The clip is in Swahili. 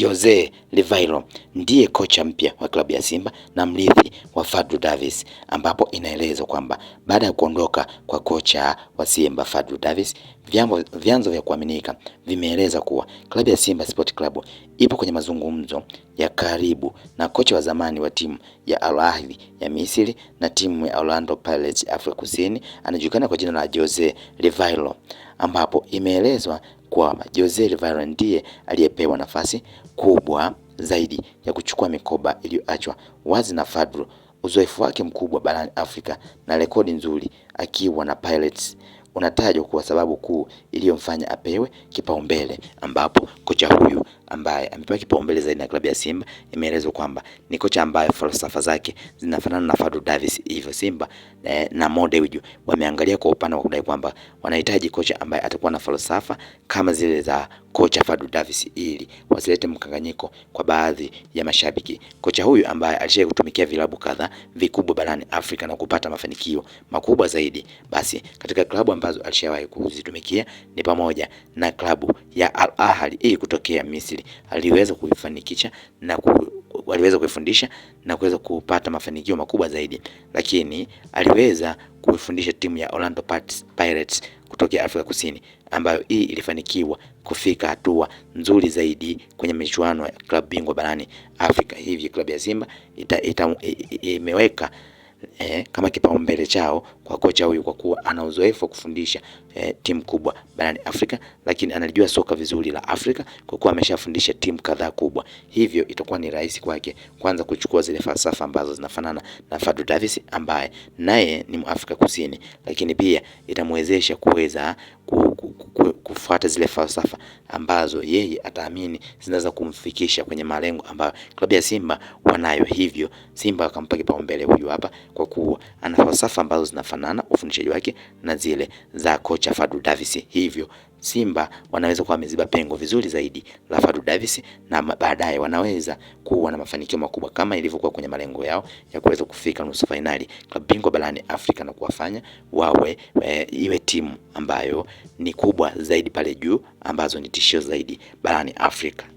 Jose Rivaldo ndiye kocha mpya wa klabu ya Simba na mrithi wa Fadlu Davis, ambapo inaelezwa kwamba baada ya kuondoka kwa kocha wa Simba Fadlu Davis, vyanzo vya kuaminika vimeeleza kuwa klabu ya Simba Sport Club ipo kwenye mazungumzo ya karibu na kocha wa zamani wa timu ya Al Ahly ya Misri na timu ya Orlando Pirates Afrika Kusini, anajulikana kwa jina la Jose Rivaldo ambapo imeelezwa kwa Jose Rivera ndiye aliyepewa nafasi kubwa zaidi ya kuchukua mikoba iliyoachwa wazi na Fadlu, uzoefu wake mkubwa barani Afrika na rekodi nzuri akiwa na Pirates unatajwa kuwa sababu kuu iliyomfanya apewe kipaumbele, ambapo kocha huyu ambaye amepewa kipaumbele zaidi na klabu ya Simba imeelezwa kwamba ni kocha ambaye falsafa zake zinafanana na Fadlu Davis, hivyo Simba eh, na Mo Dewji wameangalia kwa upana wa kudai kwamba wanahitaji kocha ambaye atakuwa na falsafa kama zile za kocha Fadlu Davis ili wasilete mkanganyiko kwa baadhi ya mashabiki. Kocha huyu ambaye alishaye kutumikia vilabu kadhaa vikubwa barani Afrika na kupata mafanikio makubwa zaidi, basi katika klabu ambazo alishawahi kuzitumikia ni pamoja na klabu ya Al Ahly hii kutokea Misri, aliweza kuifanikisha na ku waliweza kuifundisha na kuweza kupata mafanikio makubwa zaidi, lakini aliweza kuifundisha timu ya Orlando Pirates kutokea Afrika Kusini ambayo hii ilifanikiwa kufika hatua nzuri zaidi kwenye michuano ya klabu bingwa barani Afrika. Hivi klabu ya Simba imeweka eh, kama kipaumbele chao kwa kocha huyu, kwa kuwa ana uzoefu wa kufundisha eh, timu kubwa barani Afrika, lakini analijua soka vizuri la Afrika kwa kuwa ameshafundisha timu kadhaa kubwa, hivyo itakuwa ni rahisi kwake kwanza kuchukua zile falsafa ambazo zinafanana na Fadlu Davis ambaye naye ni Mwafrika Kusini, lakini pia itamwezesha kuweza ku kufuata zile falsafa ambazo yeye ataamini zinaweza kumfikisha kwenye malengo ambayo klabu ya Simba wanayo. Hivyo Simba akampa kipaumbele huyu hapa, kwa kuwa ana falsafa ambazo zinafanana ufundishaji wake na zile za kocha Fadlu Davis, hivyo Simba wanaweza kuwa wameziba pengo vizuri zaidi la Fadlu Davis na baadaye wanaweza kuwa na mafanikio makubwa kama ilivyokuwa kwenye malengo yao ya kuweza kufika nusu fainali kwa bingwa barani Afrika na kuwafanya wawe we, eh, iwe timu ambayo ni kubwa zaidi pale juu ambazo ni tishio zaidi barani Afrika.